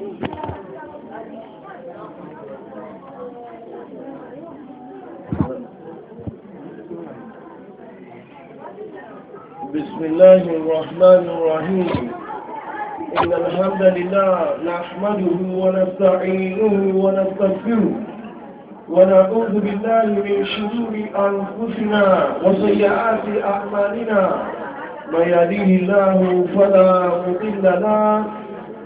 بسم الله الرحمن الرحيم إن الحمد لله نحمده ونستعينه ونستغفره ونعوذ بالله من شرور أنفسنا وسيئات أعمالنا ما يهديه الله فلا مضل له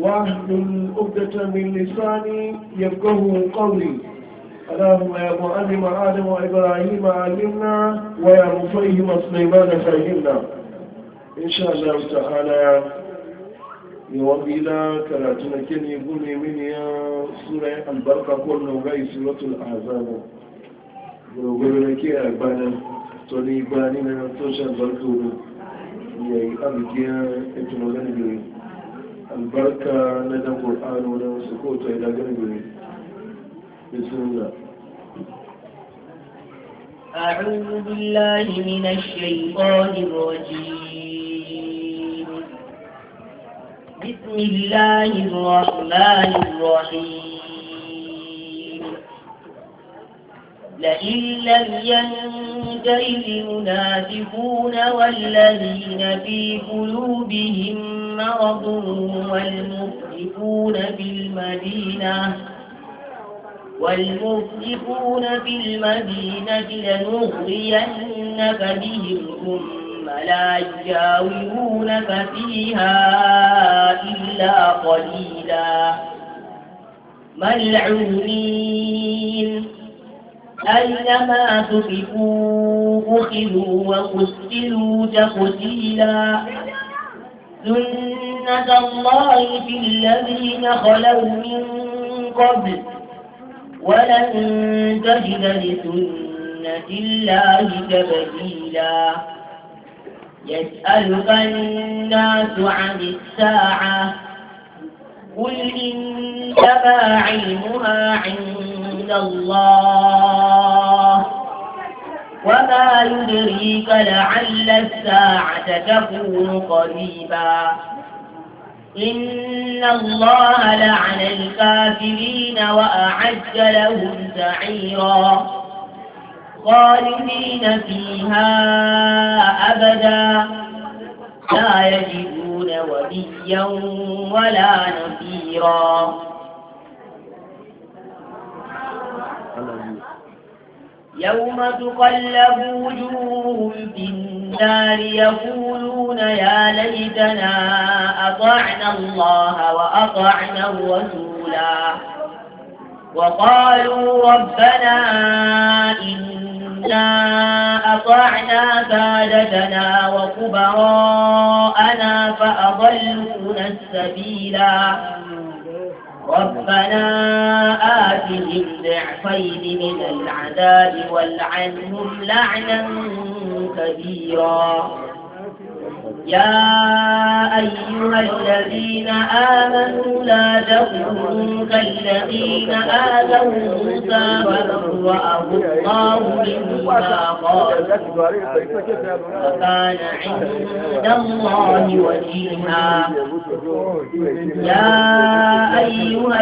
واحلل الأبدة من لساني يبقه قولي اللهم يا معلم آدم وإبراهيم علمنا ويا مفهم سليمان فهمنا إن شاء الله تعالى يوبيلا كراتنا كن يقول من يا سورة البركة كل نوغي سورة الأعزام يقول لك يا أبانا تولي بانينا توشا البركة يا أبكي يتنغني البركة ندى القرآن ولا سكوت إلى قلبه بسم الله أعوذ بالله من الشيطان الرجيم بسم الله الرحمن الرحيم لئن لم ينفع الْفُلْكَ يُنَافِقُونَ وَالَّذِينَ فِي قُلُوبِهِم مَّرَضٌ والمفرقون فِي الْمَدِينَةِ والمفلحون في المدينة لنغرينك بهم ثم لا يجاورونك فيها إلا قليلا ملعونين أينما تفقوا أخذوا وقتلوا تقتيلا سنة الله في الذين خلوا من قبل ولن تجد لسنة الله تبديلا يسألك الناس عن الساعة قل إنما علمها عند إلا الله وما يدريك لعل الساعة تكون قريبا إن الله لعن الكافرين وأعد لهم سعيرا خالدين فيها أبدا لا يجدون وليا ولا نفيرا يوم تقلب وجوههم في النار يقولون يا ليتنا أطعنا الله وأطعنا الرسولا وقالوا ربنا إنا أطعنا سادتنا وكبراءنا فأضلونا السبيلا ربنا بهم ضعفين من العداء والعنهم لعنا كبيرا يا أيها الذين آمنوا لا تكونوا كالذين آذوا موسى فبرأه الله مما قالوا وكان عند الله وجيها يا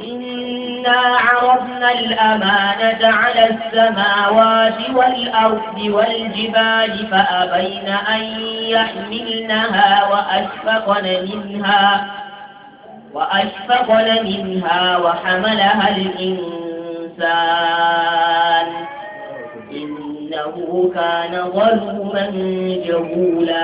إنا عرضنا الأمانة على السماوات والأرض والجبال فأبين أن يحملنها وأشفقن منها وأشفقن منها وحملها الإنسان إنه كان ظلوما جهولا